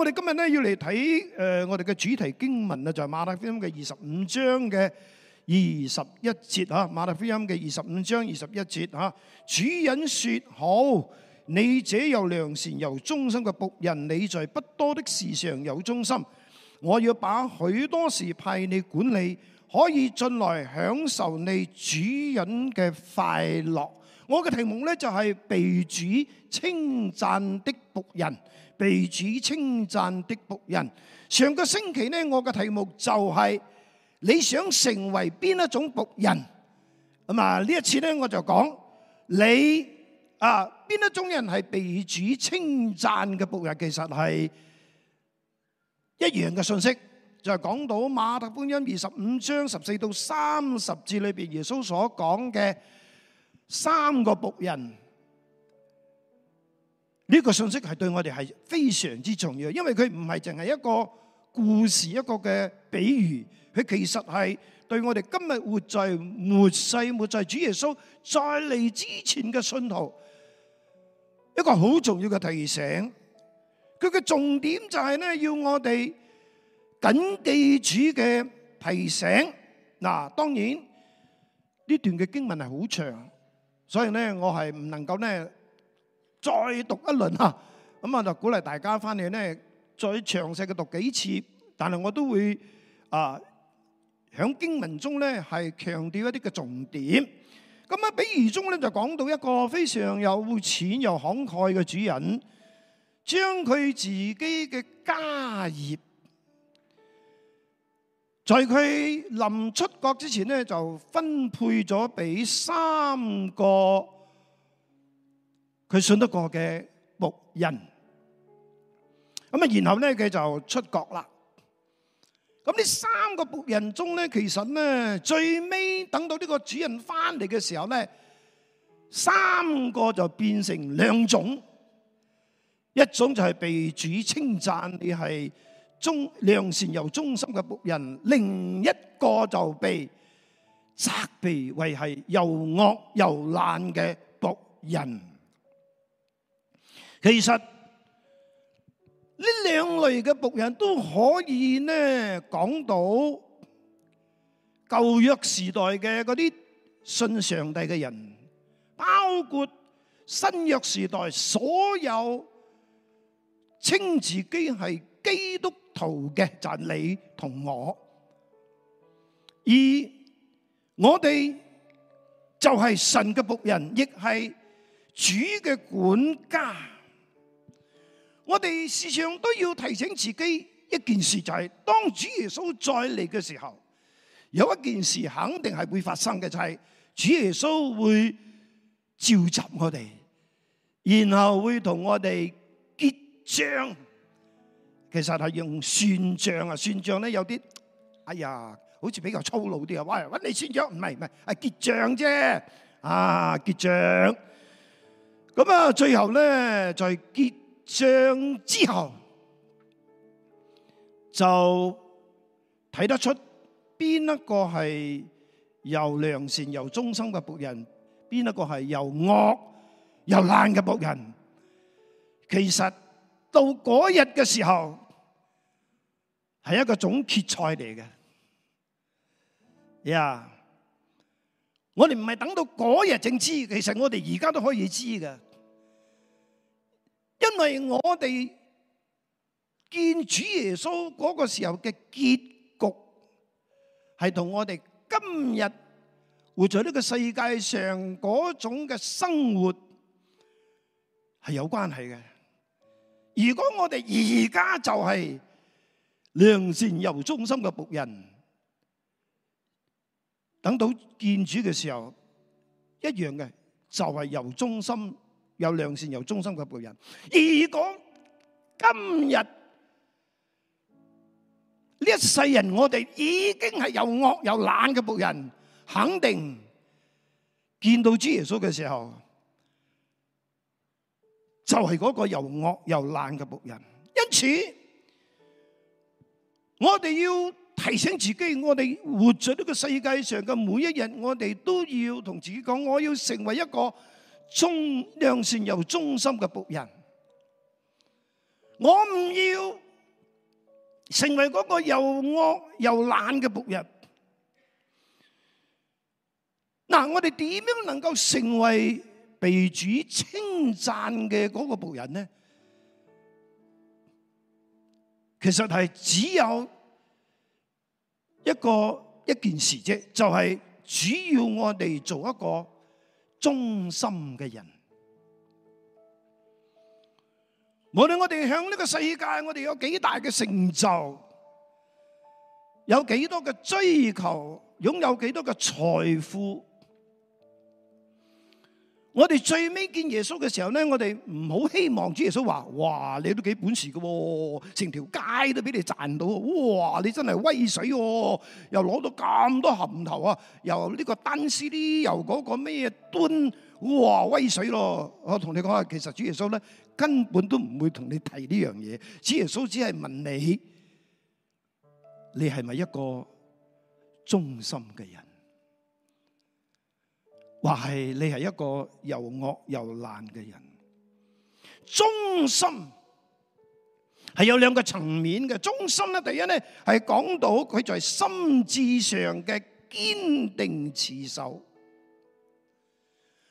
我哋今日咧要嚟睇，誒、呃，我哋嘅主題經文啊，就係、是、馬太福音嘅二十五章嘅二十一節啊。馬太福音嘅二十五章二十一節啊，主人說好，你這又良善又忠心嘅僕人，你在不多的事上，又忠心，我要把許多事派你管理，可以進來享受你主人嘅快樂。我嘅題目呢，就係、是、被主稱讚的僕人。被主稱讚的僕人，上個星期呢，我嘅題目就係你想成為邊一種僕人？咁啊呢一次呢，我就講你啊邊一種人係被主稱讚嘅僕人，其實係一樣嘅信息就，就係講到馬太福音二十五章十四到三十節裏邊耶穌所講嘅三個僕人。呢個信息係對我哋係非常之重要，因為佢唔係淨係一個故事，一個嘅比喻，佢其實係對我哋今日活在末世、活在主耶穌再嚟之前嘅信號，一個好重要嘅提醒。佢嘅重點就係咧，要我哋緊記主嘅提醒。嗱，當然呢段嘅經文係好長，所以咧，我係唔能夠咧。再讀一輪啊！咁啊就鼓勵大家翻去咧，再詳細嘅讀幾次。但係我都會啊，喺、呃、經文中咧係強調一啲嘅重點。咁啊，比喻中咧就講到一個非常有錢又慷慨嘅主人，將佢自己嘅家業，在佢臨出國之前咧就分配咗俾三個佢信得過嘅僕人，咁啊，然後咧佢就出國啦。咁呢三個僕人中咧，其實咧最尾等到呢個主人翻嚟嘅時候咧，三個就變成兩種，一種就係被主稱讚，你係忠良善又忠心嘅僕人；另一個就被責備為係又惡又懶嘅僕人。其實呢兩類嘅僕人都可以呢講到舊約時代嘅嗰啲信上帝嘅人，包括新約時代所有稱自己係基督徒嘅，就係你同我，而我哋就係神嘅僕人，亦係主嘅管家。我哋時常都要提醒自己一件事，就係當主耶穌再嚟嘅時候，有一件事肯定係會發生嘅，就係主耶穌會召集我哋，然後會同我哋結賬。其實係用算賬啊，算賬咧有啲，哎呀，好似比較粗魯啲啊，喂，搵你算賬唔係唔係，啊結賬啫，啊結賬。咁啊，最後咧就係結。上之後就睇得出邊一個係又良善、又忠心嘅僕人，邊一個係又惡、又懶嘅僕人。其實到嗰日嘅時候係一個總決賽嚟嘅。呀、yeah.，我哋唔係等到嗰日先知，其實我哋而家都可以知嘅。因為我哋見主耶穌嗰個時候嘅結局，係同我哋今日活在呢個世界上嗰種嘅生活係有關係嘅。如果我哋而家就係良善由忠心嘅僕人，等到見主嘅時候，一樣嘅就係由忠心。有良善又忠心嘅僕人。如果今日呢一世人，我哋已經係又惡又懶嘅僕人，肯定見到主耶穌嘅時候，就係嗰個又惡又懶嘅僕人。因此，我哋要提醒自己，我哋活在呢個世界上嘅每一日，我哋都要同自己講，我要成為一個。忠，良善又忠心嘅僕人，我唔要成為嗰個又惡又懶嘅僕人。嗱，我哋點樣能夠成為被主稱讚嘅嗰個僕人呢？其實係只有一個一件事啫，就係主要我哋做一個。忠心嘅人，無論我哋響呢個世界，我哋有幾大嘅成就，有幾多嘅追求，擁有幾多嘅財富。我哋最尾見耶穌嘅時候咧，我哋唔好希望主耶穌話：哇，你都幾本事嘅，成條街都俾你賺到，哇，你真係威水，又攞到咁多銜頭啊！又呢個單絲啲，又嗰個咩端，哇，威水咯！我同你講啊，其實主耶穌咧根本都唔會同你提呢樣嘢，主耶穌只係問你，你係咪一個忠心嘅人？話係你係一個又惡又爛嘅人。忠心係有兩個層面嘅忠心咧，第一咧係講到佢在心智上嘅堅定持守，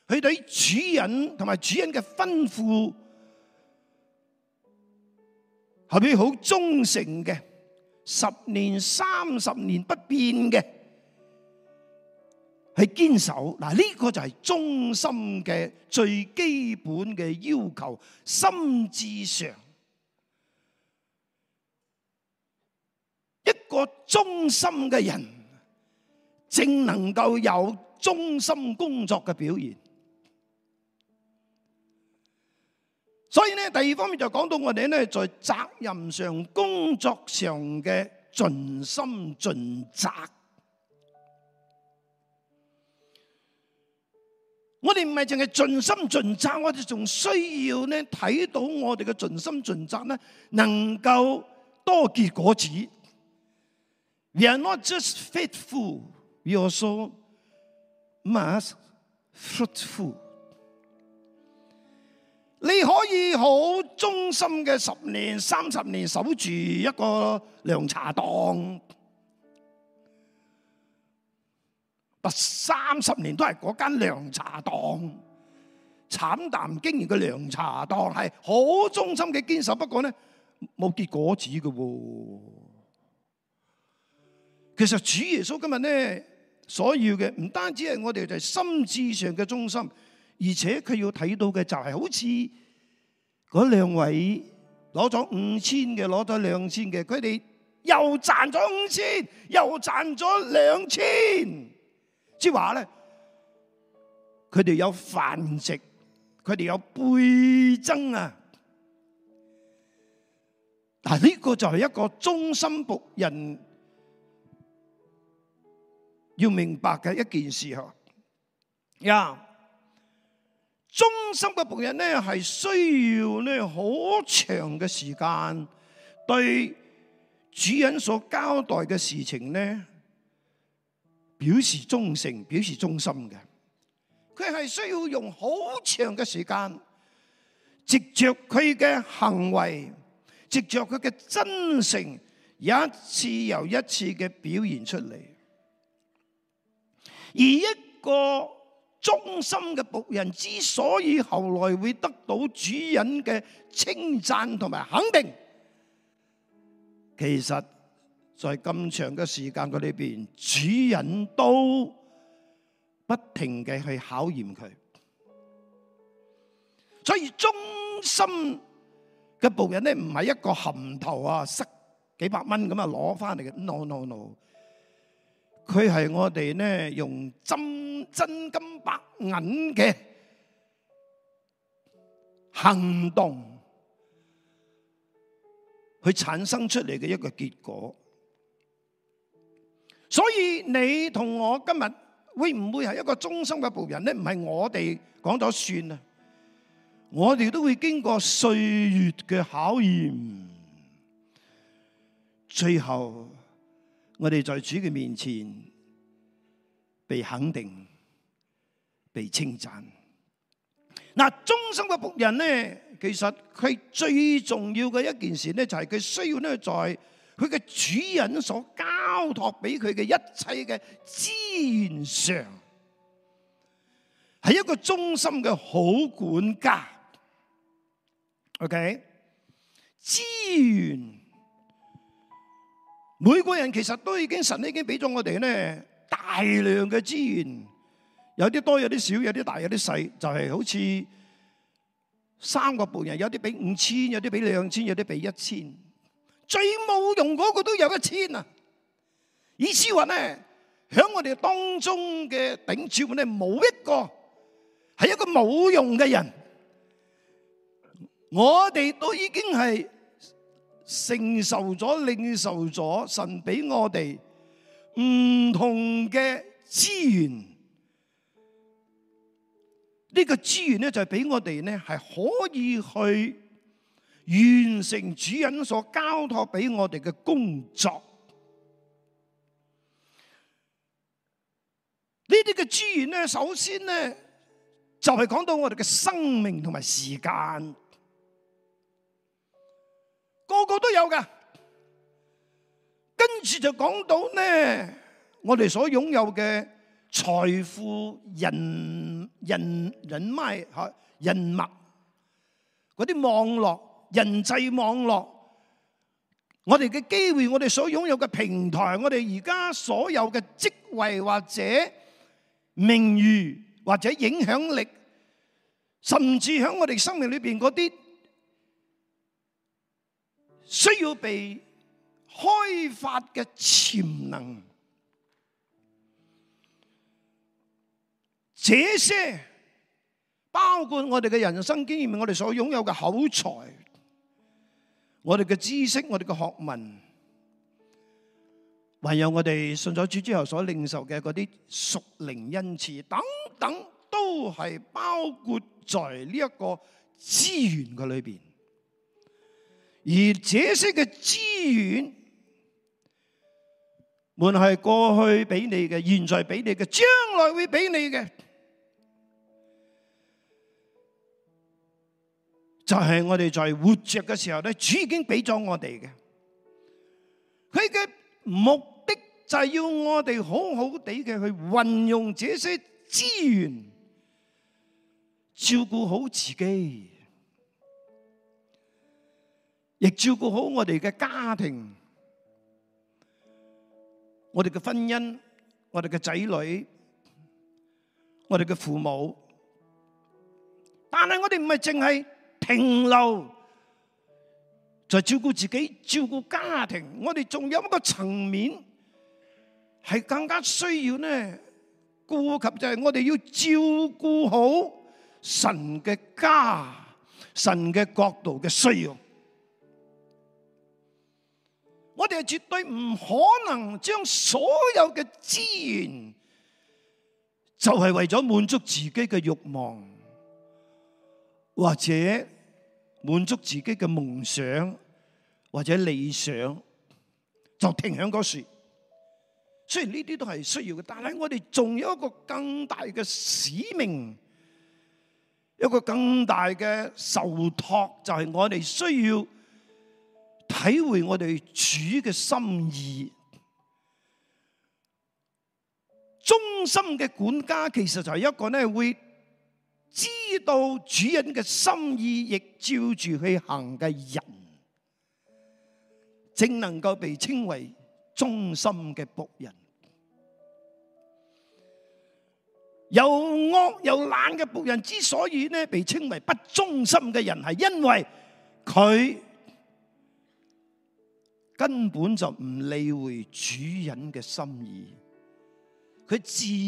佢對主人同埋主人嘅吩咐，係佢好忠誠嘅，十年三十年不變嘅。係堅守嗱，呢、這個就係忠心嘅最基本嘅要求。心智上，一個忠心嘅人，正能夠有忠心工作嘅表現。所以咧，第二方面就講到我哋咧，在責任上、工作上嘅盡心盡責。我哋唔係淨係盡心盡責，我哋仲需要呢睇到我哋嘅盡心盡責呢，能夠多結果子。We are not just faithful, we also must fruitful. 你可以好忠心嘅十年、三十年守住一個涼茶檔。三十年都係嗰間涼茶檔，慘淡經營嘅涼茶檔係好忠心嘅堅守，不過咧冇結果子嘅、哦。其實主耶穌今日咧所要嘅，唔單止係我哋就係心智上嘅忠心，而且佢要睇到嘅就係好似嗰兩位攞咗五千嘅，攞咗兩千嘅，佢哋又賺咗五千，又賺咗兩千。即係話咧，佢哋有繁殖，佢哋有倍增啊！嗱，呢個就係一個忠心僕人要明白嘅一件事嗬。呀、yeah.，忠心嘅僕人咧，係需要咧好長嘅時間對主人所交代嘅事情咧。表示忠誠、表示忠心嘅，佢係需要用好長嘅時間，藉着佢嘅行為，藉着佢嘅真誠，一次又一次嘅表現出嚟。而一個忠心嘅僕人之所以後來會得到主人嘅稱讚同埋肯定，其實。在咁長嘅時間佢裏邊，主人都不停嘅去考驗佢，所以忠心嘅僕人咧唔係一個含頭啊，塞幾百蚊咁啊攞翻嚟嘅，no no no，佢、no、係我哋咧用真真金白銀嘅行動去產生出嚟嘅一個結果。所以你同我今日會唔會係一個忠心嘅僕人咧？唔係我哋講咗算啊！我哋都會經過歲月嘅考驗，最後我哋在主嘅面前被肯定、被稱讚。嗱，忠心嘅僕人咧，其實佢最重要嘅一件事咧，就係、是、佢需要咧在。佢嘅主人所交託俾佢嘅一切嘅資源上，係一個忠心嘅好管家。OK，資源，每個人其實都已經神已經俾咗我哋呢大量嘅資源，有啲多，有啲少，有啲大，有啲細，就係好似三個僕人，有啲俾五千，有啲俾兩千，有啲俾一千。最冇用嗰個都有一千啊！意思話咧，喺我哋當中嘅頂主，我哋冇一個係一個冇用嘅人。我哋都已經係承受咗、領受咗神俾我哋唔同嘅資源。這個、資源呢個資源咧就俾、是、我哋咧係可以去。完成主人所交託俾我哋嘅工作，呢啲嘅資源咧，首先咧就係講到我哋嘅生命同埋時間，個個都有㗎。跟住就講到咧，我哋所擁有嘅財富、人、人、人脈、人脈，嗰啲網絡。人際網絡，我哋嘅機會，我哋所擁有嘅平台，我哋而家所有嘅職位或者名譽或者影響力，甚至喺我哋生命裏邊嗰啲需要被開發嘅潛能，這些包括我哋嘅人生經驗，我哋所擁有嘅口才。我哋嘅知識、我哋嘅學問，還有我哋信咗主之後所領受嘅嗰啲屬靈恩賜等等，都係包括在呢一個資源嘅裏邊。而這些嘅資源，唔係過去俾你嘅，現在俾你嘅，將來會俾你嘅。就係我哋在活着嘅時候咧，主已經俾咗我哋嘅。佢嘅目的就係要我哋好好地嘅去運用這些資源，照顧好自己，亦照顧好我哋嘅家庭，我哋嘅婚姻，我哋嘅仔女，我哋嘅父母。但係我哋唔係淨係。停留，就照顧自己，照顧家庭。我哋仲有一個層面係更加需要呢顧及，就係我哋要照顧好神嘅家、神嘅國度嘅需要。我哋係絕對唔可能將所有嘅資源就係為咗滿足自己嘅欲望，或者……滿足自己嘅夢想或者理想，就停響嗰度。雖然呢啲都係需要嘅，但係我哋仲有一個更大嘅使命，一個更大嘅受託，就係、是、我哋需要體會我哋主嘅心意。忠心嘅管家其實就係一個咧會。知道主人嘅心意，亦照住去行嘅人，正能夠被稱為忠心嘅僕人。又惡又懶嘅僕人之所以呢，被稱為不忠心嘅人，係因為佢根本就唔理會主人嘅心意，佢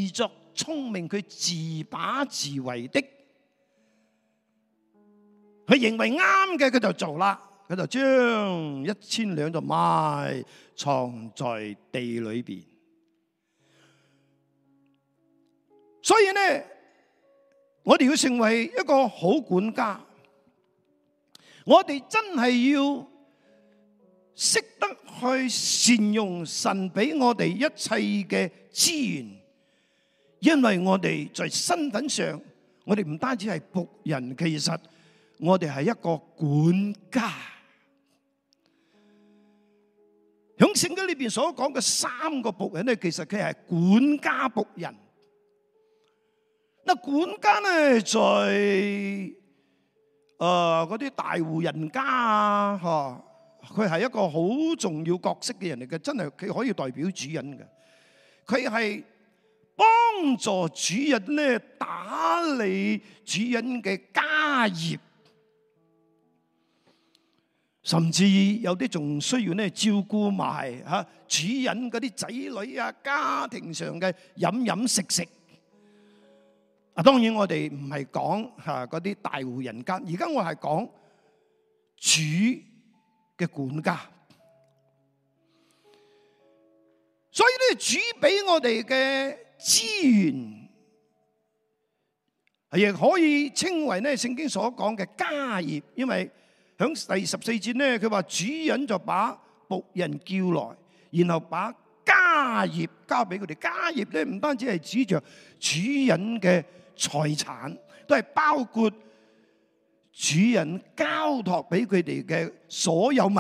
自作。聰明，佢自把自為的，佢認為啱嘅佢就做啦，佢就將一千兩就埋藏在地裏邊。所以呢，我哋要成為一個好管家，我哋真係要識得去善用神俾我哋一切嘅資源。因為我哋在身份上，我哋唔單止係僕人，其實我哋係一個管家。響聖經裏邊所講嘅三個僕人咧，其實佢係管家僕人。嗱，管家咧，在誒嗰啲大戶人家啊，嗬，佢係一個好重要角色嘅人嚟嘅，真係佢可以代表主人嘅，佢係。幫助主人咧，打理主人嘅家業，甚至有啲仲需要咧照顧埋吓主人嗰啲仔女啊，家庭上嘅飲飲食食。啊，當然我哋唔係講吓嗰啲大戶人家，而家我係講主嘅管家。所以咧，主俾我哋嘅。資源係亦可以稱為咧，聖經所講嘅家業，因為響第十四節咧，佢話主人就把僕人叫來，然後把家業交俾佢哋。家業咧唔單止係指著主人嘅財產，都係包括主人交託俾佢哋嘅所有物。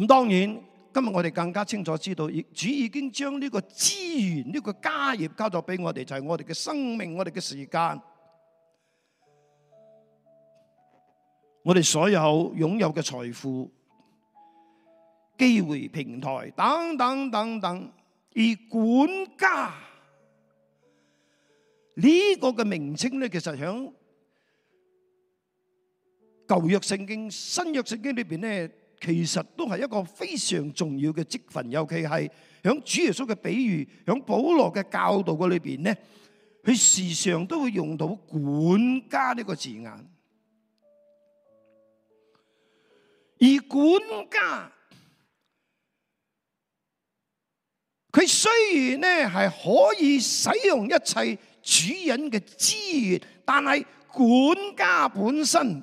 咁當然。今日我哋更加清楚知道，主已經將呢個資源、呢個家業交咗俾我哋，就係我哋嘅生命、我哋嘅時間，我哋所有擁有嘅財富、機會、平台等等等等，而管家呢個嘅名稱咧，其實喺舊約聖經、新約聖經裏邊咧。其實都係一個非常重要嘅職分，尤其係喺主耶穌嘅比喻，喺保羅嘅教導嘅裏邊咧，佢時常都會用到管家呢個字眼。而管家，佢雖然咧係可以使用一切主人嘅資源，但係管家本身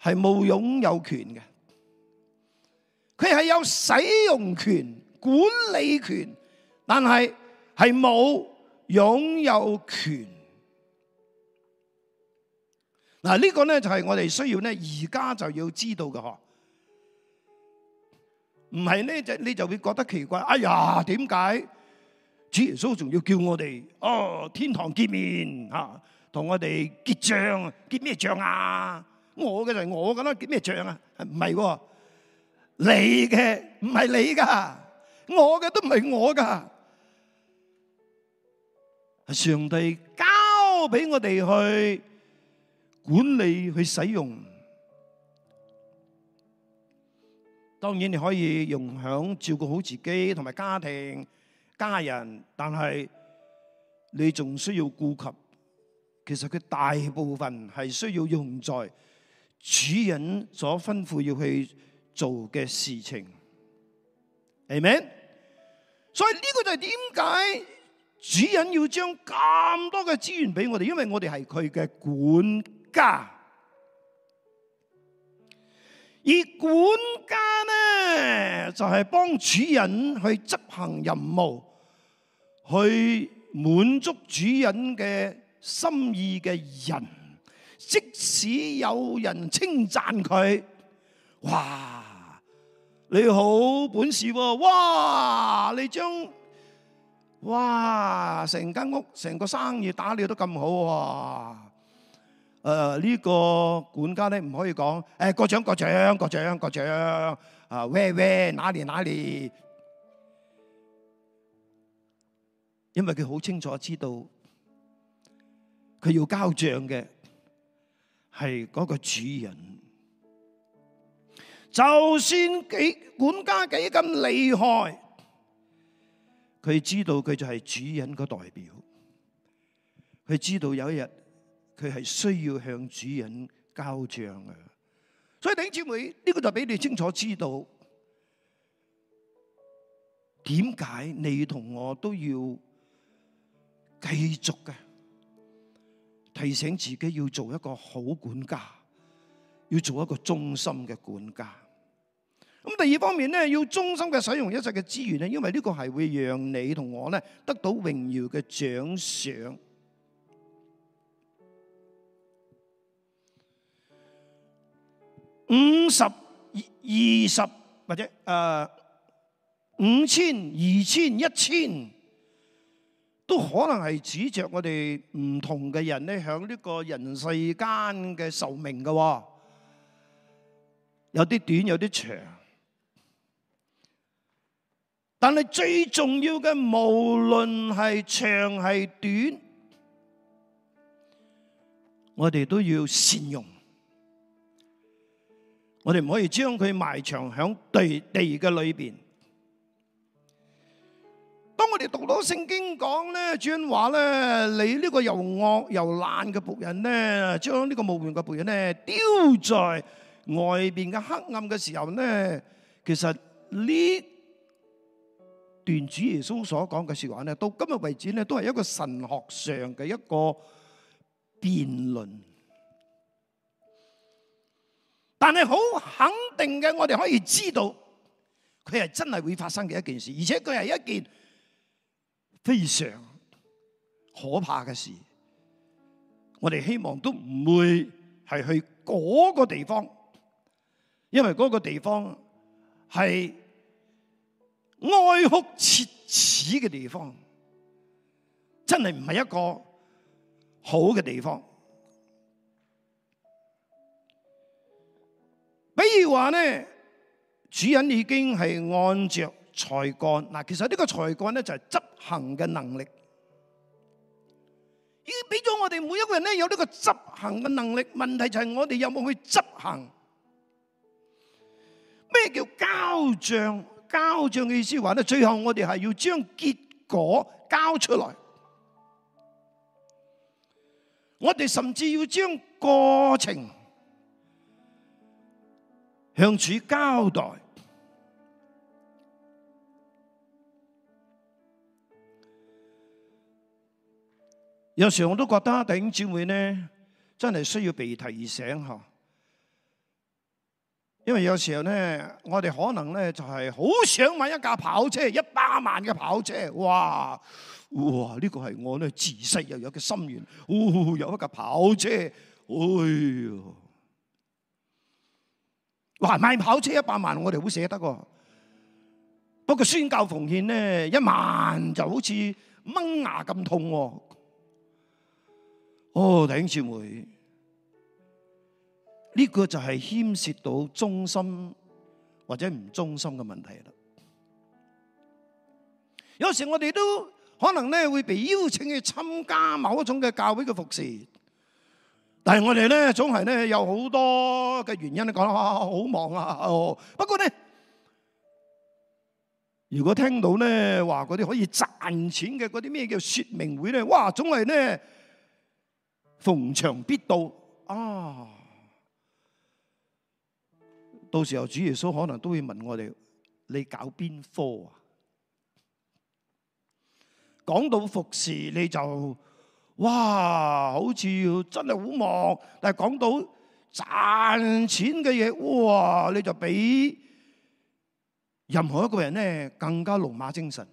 係冇擁有權嘅。佢係有使用權、管理權，但係係冇擁有權。嗱，呢個咧就係我哋需要咧，而家就要知道嘅嗬。唔係呢，就你就會覺得奇怪。哎呀，點解主耶穌仲要叫我哋哦天堂見面吓，同我哋結賬結咩賬啊？我嘅就係我嘅啦，結咩賬啊？唔係喎。你嘅唔係你噶，我嘅都唔係我噶。係上帝交俾我哋去管理去使用。當然你可以用響照顧好自己同埋家庭家人，但係你仲需要顧及。其實佢大部分係需要用在主人所吩咐要去。做嘅事情係咪？所以呢個就係點解主人要將咁多嘅資源俾我哋，因為我哋係佢嘅管家。而管家呢，就係幫主人去執行任務，去滿足主人嘅心意嘅人。即使有人稱讚佢，哇！你好本事喎，哇！你將哇成間屋、成個生意打理得咁好喎，誒呢個管家咧，唔可以講誒，國長國長國長國長啊，喂喂，哪裡哪裡，因為佢好清楚知道佢要交帳嘅係嗰個主人。就算幾管家幾咁厲害，佢知道佢就係主人個代表，佢知道有一日佢係需要向主人交賬啊！所以弟兄姊妹呢個就俾你清楚知道，點解你同我都要繼續嘅提醒自己要做一個好管家。要做一個忠心嘅管家。咁第二方面咧，要忠心嘅使用一切嘅資源咧，因為呢個係會讓你同我咧得到榮耀嘅獎賞。五十、二十或者誒五千、二千、一千，都可能係指著我哋唔同嘅人咧，響呢個人世間嘅壽命嘅。有啲短，有啲長，但係最重要嘅，無論係長係短，我哋都要善用。我哋唔可以將佢埋藏響地地嘅裏邊。當我哋讀到聖經講咧，主人話咧，你呢個又惡又懶嘅僕人咧，將呢個無用嘅僕人咧丟在外邊嘅黑暗嘅時候咧，其實呢段主耶穌所講嘅說話咧，到今日為止咧，都係一個神學上嘅一個辯論。但係好肯定嘅，我哋可以知道，佢係真係會發生嘅一件事，而且佢係一件非常可怕嘅事。我哋希望都唔會係去嗰個地方。因為嗰個地方係哀哭切齒嘅地方，真係唔係一個好嘅地方。比如話咧，主人已經係按着才幹，嗱，其實呢個才幹咧就係執行嘅能力。已經俾咗我哋每一個人咧有呢個執行嘅能力，問題就係我哋有冇去執行。咩叫交賬？交賬嘅意思話咧，最後我哋係要將結果交出來，我哋甚至要將過程向主交代。有時我都覺得弟兄姊妹咧，真係需要被提醒吓。因為有時候咧，我哋可能咧就係好想買一架跑車，一百萬嘅跑車，哇哇呢、這個係我咧自細又有嘅心願，嗚、哦、有一架跑車，哎呀，哇買跑車一百萬我哋好捨得噶不過宣教奉獻呢，一萬就好似掹牙咁痛哦，哦頂住佢。呢、這個就係牽涉到忠心或者唔忠心嘅問題啦。有時我哋都可能咧會被邀請去參加某一種嘅教會嘅服侍但但係我哋咧總係咧有好多嘅原因咧講啊好忙啊。哦、不過咧，如果聽到咧話嗰啲可以賺錢嘅嗰啲咩叫說明會咧，哇總係咧逢場必到啊！到時候主耶穌可能都會問我哋：你搞邊科啊？講到服侍你就哇，好似要真係好忙。但係講到賺錢嘅嘢，哇！你就比任何一個人咧更加龍馬精神。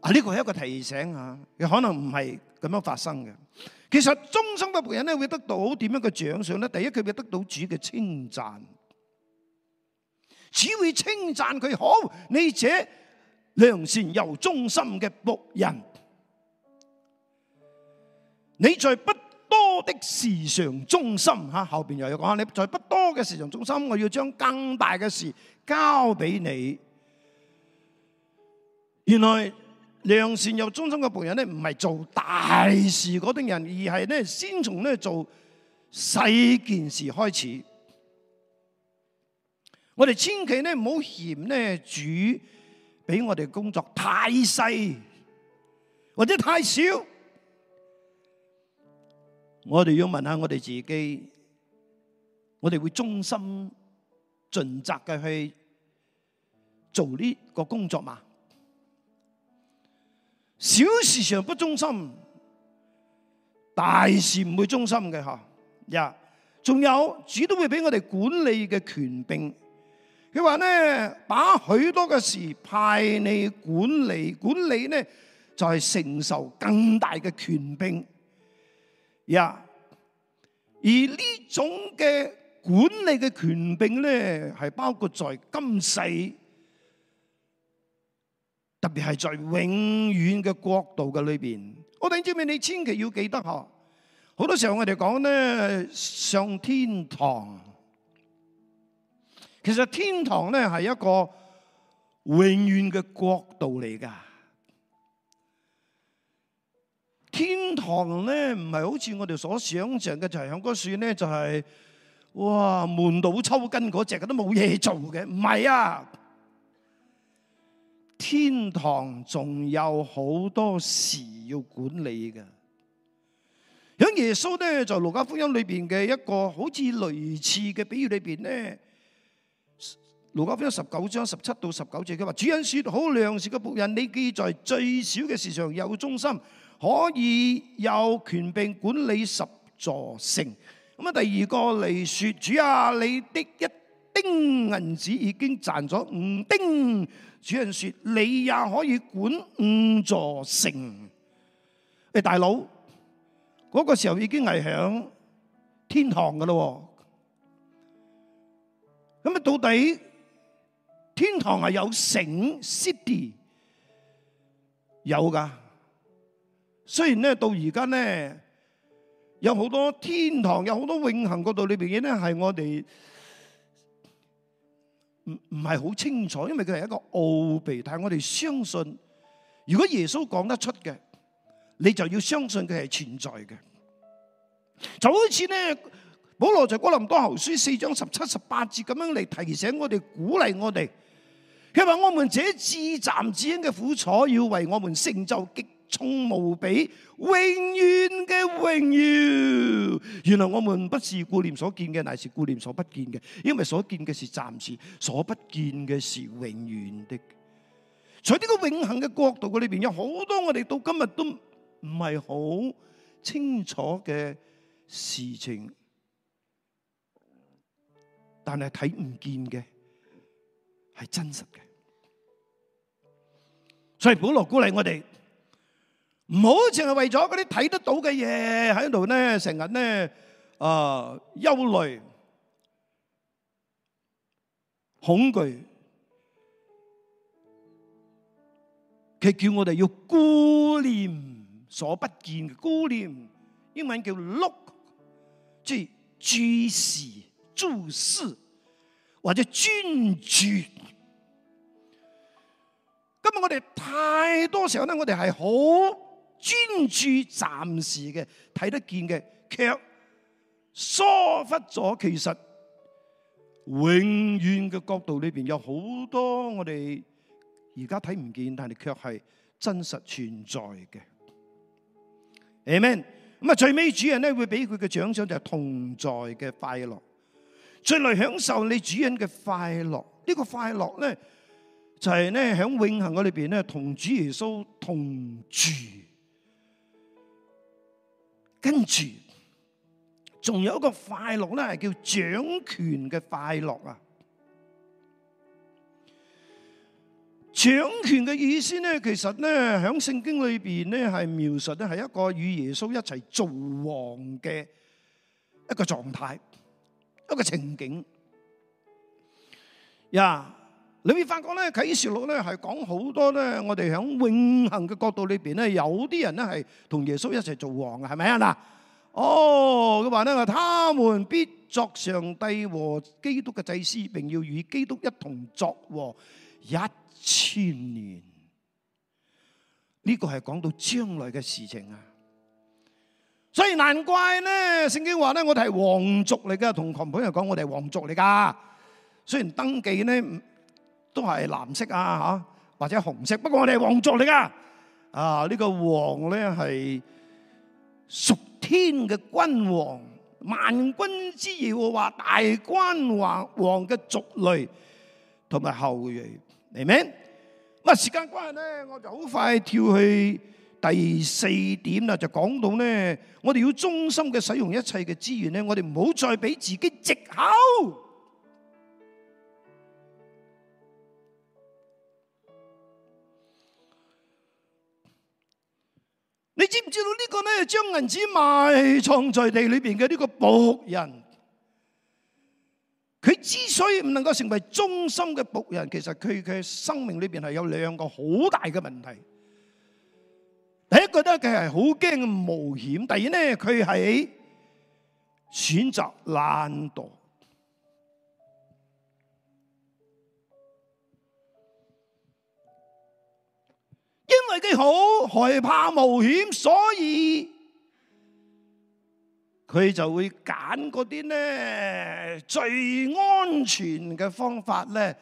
啊！呢個係一個提醒啊，佢可能唔係咁樣發生嘅。其實忠心嘅僕人咧會得到點樣嘅獎賞咧？第一，佢會得到主嘅稱讚，只會稱讚佢好。你這良善又忠心嘅僕人，你在不多的事上忠心吓，後邊又有講你，在不多嘅事上忠心，我要將更大嘅事交俾你，原來。良善又忠心嘅僕人咧，唔係做大事嗰啲人，而係咧先從咧做細件事開始。我哋千祈咧唔好嫌咧主俾我哋工作太細或者太少。我哋要問下我哋自己，我哋會忠心盡責嘅去做呢個工作嘛？小事上不忠心，大事唔會忠心嘅吓。一、yeah. 仲有主都會俾我哋管理嘅權柄。佢話咧，把許多嘅事派你管理，管理呢就係、是、承受更大嘅權柄。一、yeah. 而呢種嘅管理嘅權柄咧，係包括在今世。特別係在永遠嘅國度嘅裏邊，我哋姊妹，你千祈要記得嗬。好多時候我哋講咧上天堂，其實天堂咧係一個永遠嘅國度嚟噶。天堂咧唔係好似我哋所想象嘅，就係響嗰處咧就係哇，悶到抽筋嗰隻，都冇嘢做嘅，唔係啊。天堂仲有好多事要管理嘅，響耶穌咧，在路加福音裏邊嘅一個好似類似嘅比喻裏邊咧，路加福音十九章十七到十九節佢話：主人說，好良善嘅僕人，你既在最小嘅事上有忠心，可以有權柄管理十座城。咁啊，第二個嚟說，主啊，你的一。千銀紙已經賺咗五千，主人說，你也可以管五座城。誒，大佬，嗰、那個時候已經係響天堂噶咯。咁啊，到底天堂係有城 city 有噶？雖然咧，到而家咧有好多天堂，有好多永恒嗰度裏邊嘅咧係我哋。唔唔係好清楚，因為佢係一個奧秘，但係我哋相信，如果耶穌講得出嘅，你就要相信佢係存在嘅。就好似呢，保羅在哥林多後書四章十七十八節咁樣嚟提醒我哋、鼓勵我哋。佢話：我們這至暫至輕嘅苦楚，要為我們成就極重無比，永遠嘅榮耀。原來我們不是顧念所見嘅，乃是顧念所不見嘅。因為所見嘅是暫時，所不見嘅是永遠的。在呢個永恒嘅國度嘅裏邊，有好多我哋到今日都唔係好清楚嘅事情，但係睇唔見嘅係真實嘅。所以保羅鼓勵我哋。唔好淨係為咗嗰啲睇得到嘅嘢喺度呢成日呢憂慮恐懼。佢叫我哋要顧念所不見嘅。顧念英文叫 look，即係注視，注視或者專注。今日我哋太多時候呢我哋係好專注暫時嘅睇得見嘅，卻疏忽咗其實永遠嘅角度裏邊有好多我哋而家睇唔見，但係卻係真實存在嘅。Amen。咁啊，最尾主人咧會俾佢嘅獎賞就係同在嘅快樂，最嚟享受你主人嘅快樂。呢、這個快樂咧就係咧響永恆嘅裏邊咧同主耶穌同住。跟住，仲有一個快樂咧，係叫掌權嘅快樂啊！掌權嘅意思咧，其實咧響聖經裏邊咧係描述咧係一個與耶穌一齊做王嘅一個狀態，一個情景。呀！你會發覺咧，啟示錄咧係講好多咧。我哋喺永恆嘅角度裏邊咧，有啲人咧係同耶穌一齊做王嘅，係咪啊嗱？哦，佢話咧：，佢話他們必作上帝和基督嘅祭司，並要與基督一同作王一千年。呢個係講到將來嘅事情啊！所以難怪咧，聖經話咧，我哋係王族嚟噶。同琴盤又講，我哋係王族嚟噶。雖然登記咧，都係藍色啊吓，或者紅色。不過我哋係王族嚟噶。啊呢、呢個王咧係屬天嘅君王，萬軍之言話大君王王嘅族類同埋後裔，明唔明？咁啊，時間關係咧，我就好快跳去第四點啦，就講到咧，我哋要忠心嘅使用一切嘅資源咧，我哋唔好再俾自己借口。你知唔知道呢個咧？將銀子埋藏在地裏邊嘅呢個僕人，佢之所以唔能夠成為忠心嘅僕人，其實佢嘅生命裏邊係有兩個好大嘅問題。第一個咧，佢係好驚冒險；第二咧，佢係選擇懶惰。因為佢好害怕冒險，所以佢就會揀嗰啲咧最安全嘅方法咧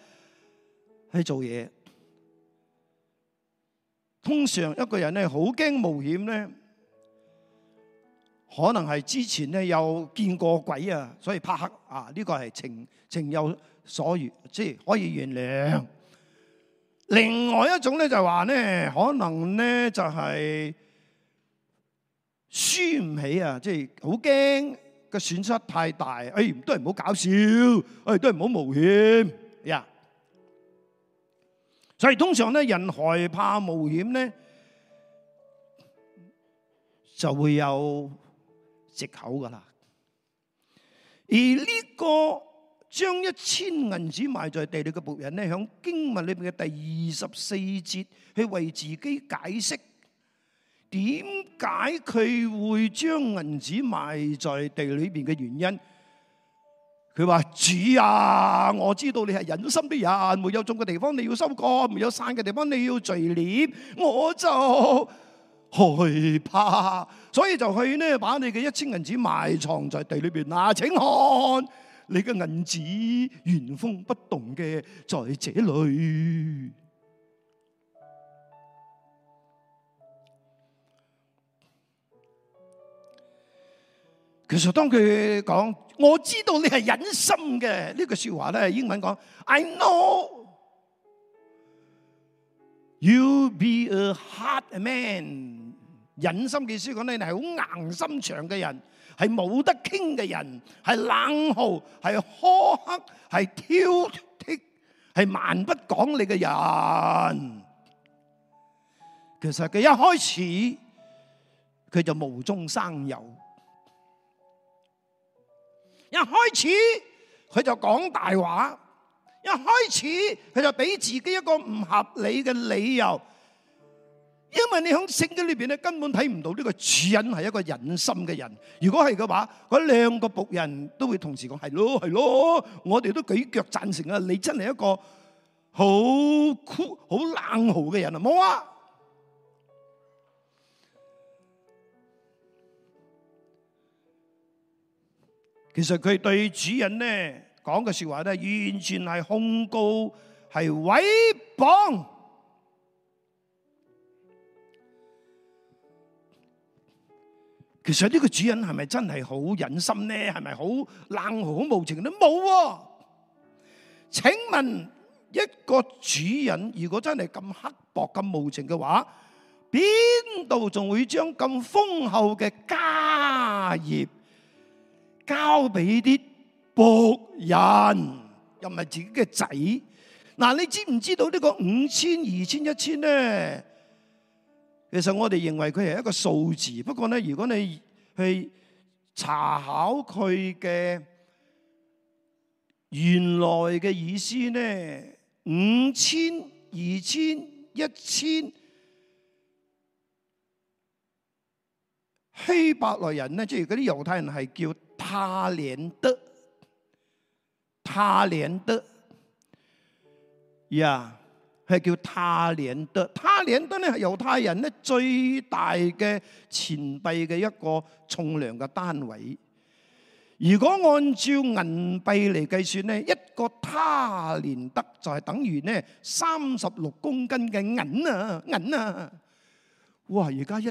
去做嘢。通常一個人咧好驚冒險咧，可能係之前咧有見過鬼啊，所以怕黑啊。呢、這個係情情有所原，即係可以原諒。另外一種咧就話咧，可能咧就係輸唔起啊，即係好驚個損失太大。哎，都係唔好搞笑，哎，都係唔好冒險呀。Yeah. 所以通常咧，人害怕冒險咧，就會有藉口噶啦。而呢個～將一千銀子埋在地裏嘅僕人咧，響經文裏邊嘅第二十四節，去為自己解釋點解佢會將銀子埋在地裏邊嘅原因。佢話：主啊，我知道你係忍心啲人，沒有種嘅地方你要收割，沒有散嘅地方你要聚斂，我就害怕，所以就去呢，把你嘅一千銀子埋藏在地裏邊。嗱，啊，請看。你嘅銀紙原封不動嘅在這裏。其實當佢講，我知道你係忍心嘅呢句説話咧，英文講 I know you be a hard man，忍心嘅書講咧，你係好硬心腸嘅人。係冇得傾嘅人，係冷酷，係苛刻，係挑剔，係蠻不講理嘅人。其實佢一開始佢就無中生有，一開始佢就講大話，一開始佢就俾自己一個唔合理嘅理由。因為你喺聖經裏邊咧，根本睇唔到呢個主人係一個忍心嘅人。如果係嘅話，嗰兩個僕人都會同時講：係咯，係咯，我哋都舉腳贊成啊！你真係一個好酷、好冷酷嘅人啊！冇啊！其實佢對主人咧講嘅說話咧，完全係控告，係毀謗。其實呢個主人係咪真係好忍心呢？係咪好冷酷好無情呢？冇、啊，請問一個主人如果真係咁刻薄咁無情嘅話，邊度仲會將咁豐厚嘅家業交俾啲僕人，又唔係自己嘅仔？嗱，你知唔知道呢個五千、二千、一千呢？其實我哋認為佢係一個數字，不過呢，如果你去查考佢嘅原來嘅意思呢，五千、二千、一千，希伯來人呢，即係嗰啲猶太人係叫他連德，他連德，呀、yeah。係叫他連德，他連德咧係猶太人咧最大嘅錢幣嘅一個重量嘅單位。如果按照銀幣嚟計算咧，一個他連德就係等於咧三十六公斤嘅銀啊銀啊！哇！而家一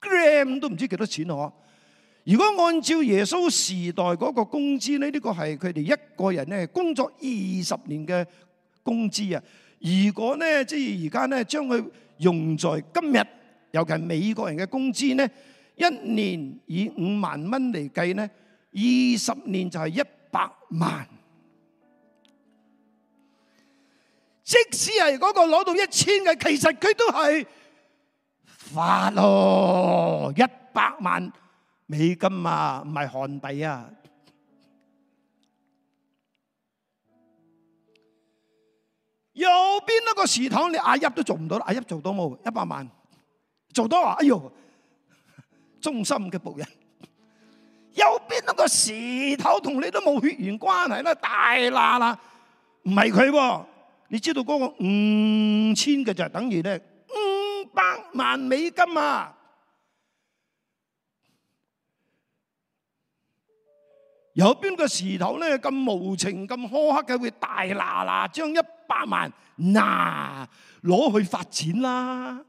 gram 都唔知幾多錢哦。如果按照耶穌時代嗰個工資咧，呢、呢個係佢哋一個人咧工作二十年嘅。工資啊！如果咧，即係而家咧，將佢用在今日，尤其係美國人嘅工資咧，一年以五萬蚊嚟計咧，二十年就係一百萬。即使係嗰個攞到一千嘅，其實佢都係發咯一百萬美金啊，唔係韓幣啊！右邊一個祠堂你、啊，你阿一都做唔到阿一、啊、做到冇一百萬，做到啊！哎呦，忠心嘅僕人。右邊一個祠堂同你都冇血緣關係啦，大喇喇唔係佢喎，你知道嗰個五千嘅就係等於咧五百萬美金啊！有邊個時候咧，咁無情咁苛刻嘅，會大拿拿將一百萬拿攞去發展啦？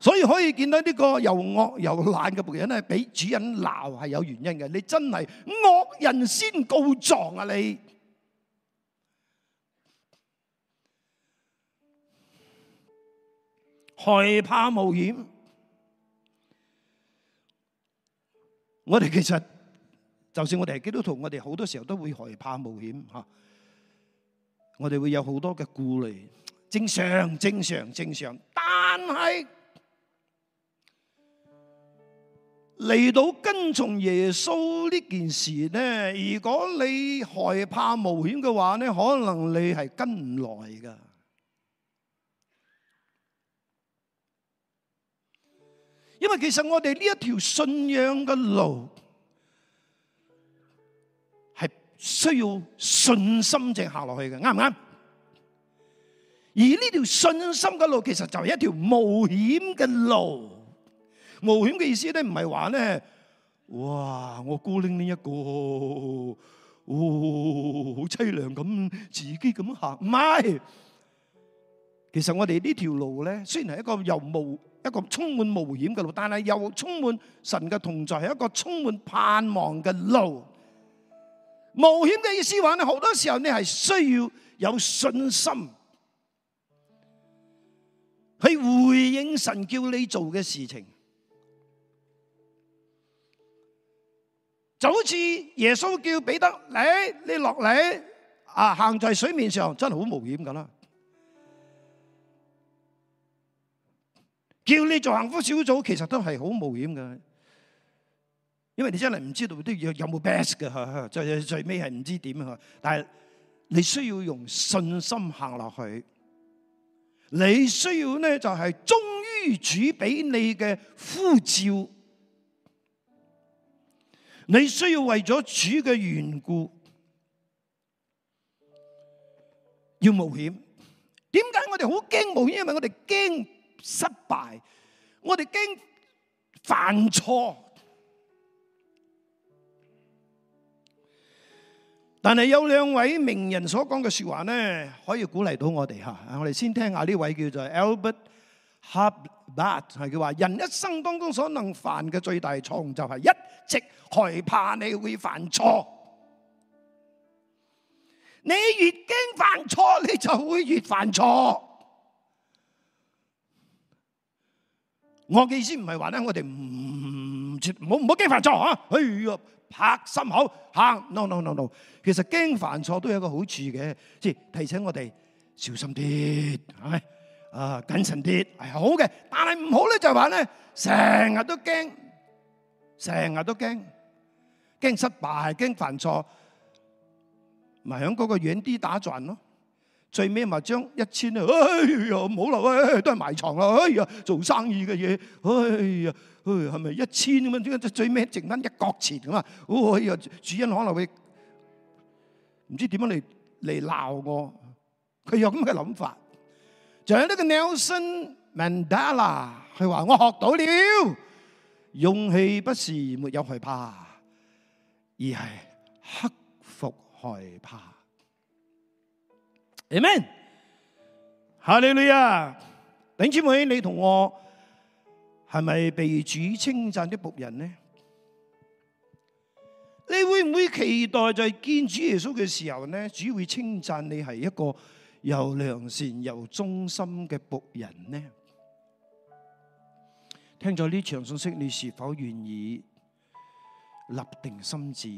所以可以見到呢個又惡又懶嘅僕人咧，俾主人鬧係有原因嘅。你真係惡人先告狀啊！你害怕冒險。我哋其實，就算我哋係基督徒，我哋好多時候都會害怕冒險吓，我哋會有好多嘅顧慮，正常、正常、正常，但係嚟到跟從耶穌呢件事呢，如果你害怕冒險嘅話呢，可能你係跟唔來㗎。因為其實我哋呢一條信仰嘅路係需要信心淨行落去嘅，啱唔啱？而呢條信心嘅路其實就係一條冒險嘅路。冒險嘅意思咧，唔係話咧，哇！我孤零零一個，哇，好淒涼咁自己咁行，唔係。其實我哋呢條路咧，雖然係一個又冒。一個充滿冒險嘅路，但係又充滿神嘅同在，係一個充滿盼望嘅路。冒險嘅意思話咧，好多時候你係需要有信心去回應神叫你做嘅事情。就好似耶穌叫彼得你，你落嚟啊，行在水面上，真係好冒險㗎喇。叫你做幸福小組，其實都係好冒險嘅，因為你真係唔知道啲有冇 best 嘅吓，最最尾係唔知點吓。但係你需要用信心行落去，你需要咧就係忠於主俾你嘅呼召，你需要為咗主嘅緣故要冒險。點解我哋好驚冒險？因為我哋驚。失敗，我哋驚犯錯，但係有兩位名人所講嘅說話呢，可以鼓勵到我哋吓。我哋先聽下呢位叫做 Albert Hubbard，係佢話，人一生當中所能犯嘅最大錯誤就係一直害怕你會犯錯。你越驚犯錯，你就會越犯錯。我嘅意思唔係話咧，我哋唔好唔好驚犯錯嚇。哎呀，拍心口，嚇，no no no no。其實驚犯錯都有個好處嘅，即係提醒我哋小心啲，係咪？啊，謹慎啲係好嘅，但係唔好咧就係話咧，成日都驚，成日都驚，驚失敗，驚犯錯，咪響嗰個遠啲打轉咯。最尾咪將一千啊，哎呀唔好啦，都係埋藏啦，哎呀，哎呀做生意嘅嘢，哎呀，哎係咪一千咁啊？最尾剩翻一角錢咁啊，哎呀主人可能會唔知點樣嚟嚟鬧我，佢有咁嘅諗法。就係呢個 Nelson Mandela，佢話我學到了，勇氣不是沒有害怕，而係克服害怕。Amen，下你女啊，弟兄姐妹，你同我係咪被主稱讚的僕人呢？你會唔會期待就係見主耶穌嘅時候呢？主會稱讚你係一個又良善又忠心嘅僕人呢？聽咗呢場信息，你是否願意立定心志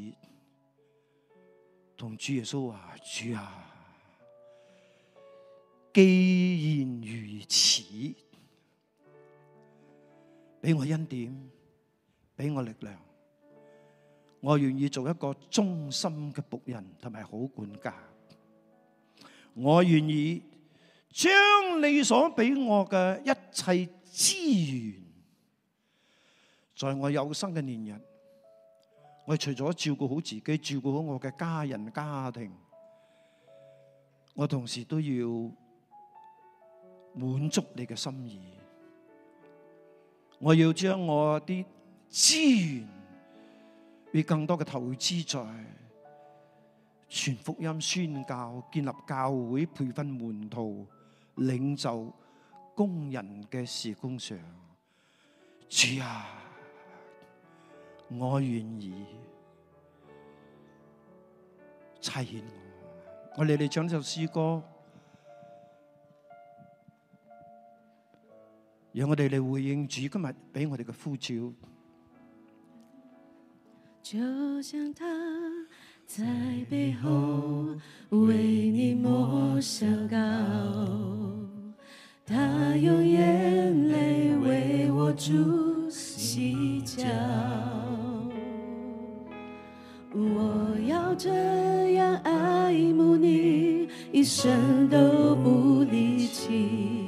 同主耶穌話主啊？既然如此，俾我恩典，俾我力量，我願意做一個忠心嘅僕人同埋好管家。我願意將你所俾我嘅一切資源，在我有生嘅年日，我除咗照顧好自己，照顧好我嘅家人、家庭，我同時都要。滿足你嘅心意，我要將我啲資源，俾更多嘅投資在全福音宣教、建立教會、培訓門徒、領袖、工人嘅事工上。主啊，我願意，差遣我。我哋嚟唱呢首詩歌。讓我哋嚟回應主今日俾我哋嘅呼召。就像他，在背後為你抹香膏，他用眼淚為我主洗腳。我要這樣愛慕你，一生都不離棄。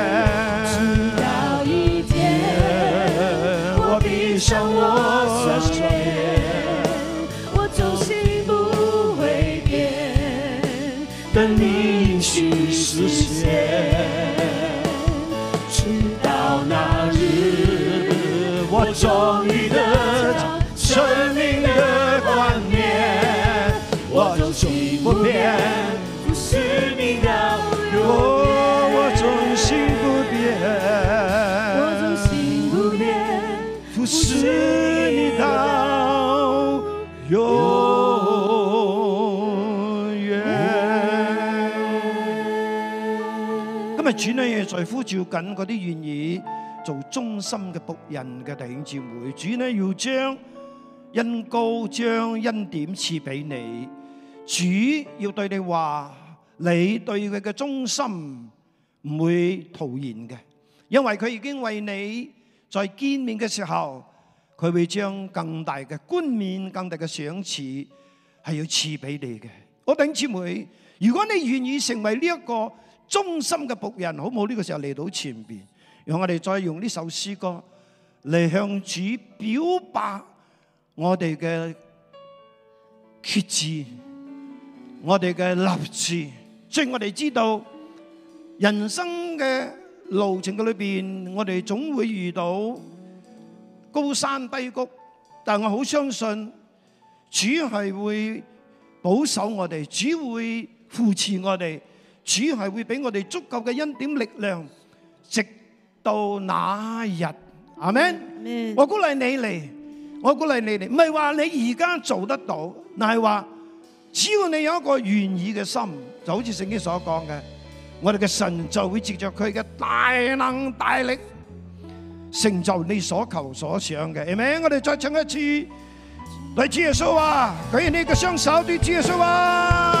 主呢要在乎照緊嗰啲願意做忠心嘅僕人嘅弟兄姊妹，主呢要將恩膏、將恩典賜俾你。主要對你話，你對佢嘅忠心唔會徒然嘅，因為佢已經為你在見面嘅時候，佢會將更大嘅冠冕、更大嘅賞賜係要賜俾你嘅。我弟兄姊妹，如果你願意成為呢一個，忠心嘅僕人，好冇呢個時候嚟到前邊，讓我哋再用呢首詩歌嚟向主表白我哋嘅決志，我哋嘅立志，即係我哋知道人生嘅路程嘅裏邊，我哋總會遇到高山低谷，但我好相信主係會保守我哋，主會扶持我哋。主要係會俾我哋足夠嘅恩典力量，直到那日，阿們，我鼓勵你嚟，我鼓勵你嚟，唔係話你而家做得到，但係話只要你有一個願意嘅心，就好似聖經所講嘅，我哋嘅神就會藉着佢嘅大能大力，成就你所求所想嘅，係咪？我哋再唱一次，對主耶穌啊，舉起你嘅雙手，對主耶穌啊！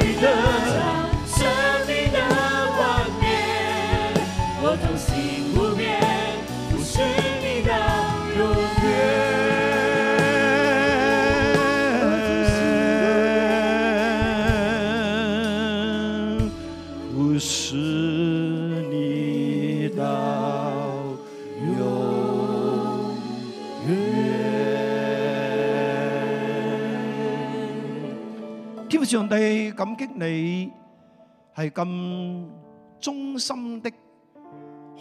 感激你係咁忠心的，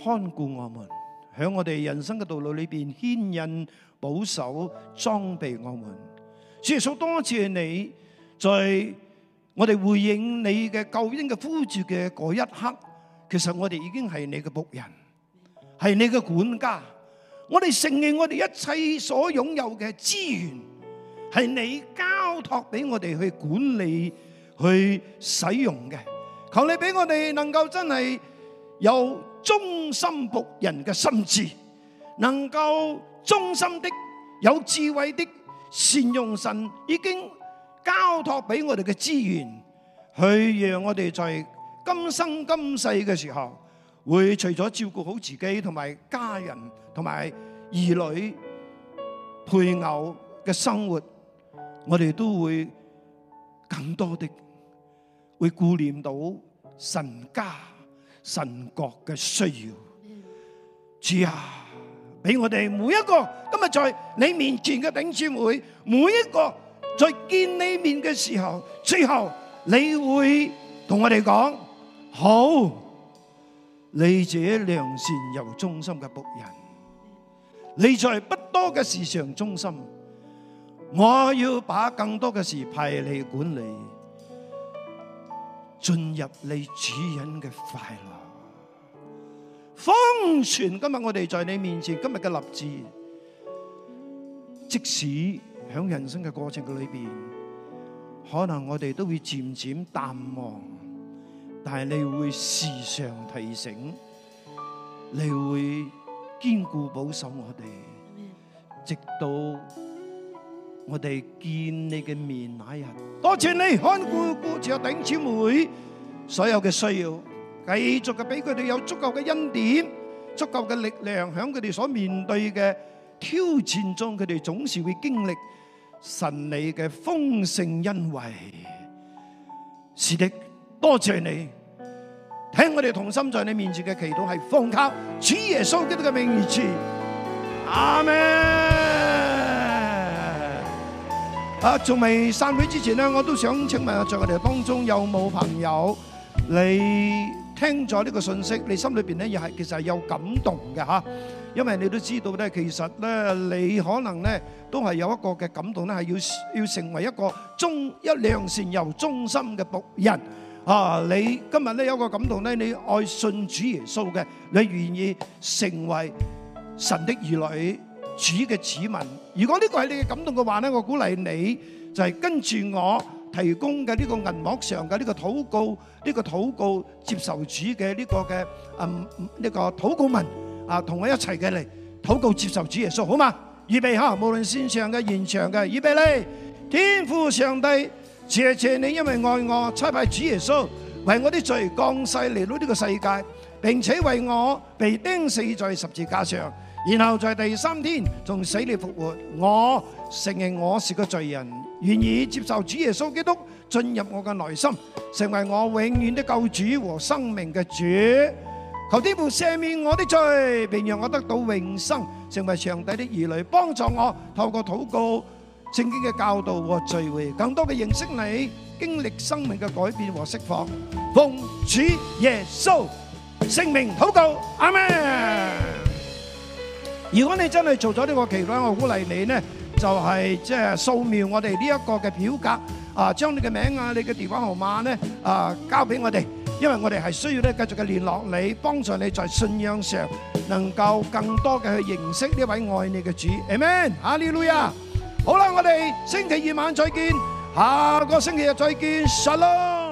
看顧我們，喺我哋人生嘅道路裏邊牽引、保守、裝備我們。主耶穌多謝你，在我哋回應你嘅救恩嘅呼召嘅嗰一刻，其實我哋已經係你嘅僕人，係你嘅管家。我哋承認我哋一切所擁有嘅資源，係你交託俾我哋去管理。去使用嘅，求你俾我哋能夠真係有忠心僕人嘅心志，能夠忠心的、有智慧的善用神已經交託俾我哋嘅資源，去讓我哋在今生今世嘅時候，會除咗照顧好自己同埋家人，同埋兒女、配偶嘅生活，我哋都會更多啲。會顧念到神家、神國嘅需要，主啊，俾我哋每一個今日在你面前嘅頂住會，每一個在見你面嘅時候，最後你會同我哋講：好，你這良善又忠心嘅僕人，你在不多嘅事上忠心，我要把更多嘅事派你管理。進入你主人嘅快樂，封存今日我哋在你面前，今日嘅立志，即使喺人生嘅過程嘅裏邊，可能我哋都會漸漸淡忘，但係你會時常提醒，你會堅固保守我哋，直到。我哋見你嘅面那日，多謝你看顧顧住頂姊妹所有嘅需要，繼續嘅俾佢哋有足夠嘅恩典、足夠嘅力量，響佢哋所面對嘅挑戰中，佢哋總是會經歷神你嘅豐盛恩惠。是的，多謝你，聽我哋同心在你面前嘅祈禱係奉靠主耶穌基督嘅名而至，阿門。啊，仲未散會之前咧，我都想請問下，在我哋當中有冇朋友，你聽咗呢個信息，你心裏邊咧亦係其實係有感動嘅嚇，因為你都知道咧，其實咧你可能咧都係有一個嘅感動咧，係要要成為一個忠一良善又忠心嘅僕人啊！你今日咧有一個感動咧，你愛信主耶穌嘅，你願意成為神的兒女。主嘅子民，如果呢個係你嘅感動嘅話咧，我鼓勵你就係跟住我提供嘅呢個銀幕上嘅呢個禱告，呢個禱告接受主嘅呢個嘅誒呢個禱告文啊，同我一齊嘅嚟禱告接受主耶穌，好嘛？預備下，無論線上嘅、現場嘅，預備你天父上帝，謝謝你因為愛我，差派主耶穌為我啲罪降世嚟到呢個世界，並且為我被釘死在十字架上。然後在第三天從死裏復活。我承認我是個罪人，願意接受主耶穌基督進入我嘅內心，成為我永遠的救主和生命嘅主。求天父赦免我啲罪，並讓我得到永生，成為上帝的兒女。幫助我透過禱告、聖經嘅教導和聚會，更多嘅認識你，經歷生命嘅改變和釋放。奉主耶穌聖名禱告，阿門。如果你真係做咗呢個期待，我鼓勵你咧，就係即係掃描我哋呢一個嘅表格，啊，將你嘅名啊、你嘅電話號碼咧，啊，交俾我哋，因為我哋係需要咧繼續嘅聯絡你，幫助你在信仰上能夠更多嘅去認識呢位愛你嘅主。阿們，哈利路亞！好啦，我哋星期二晚再見，下個星期日再見，Shalom。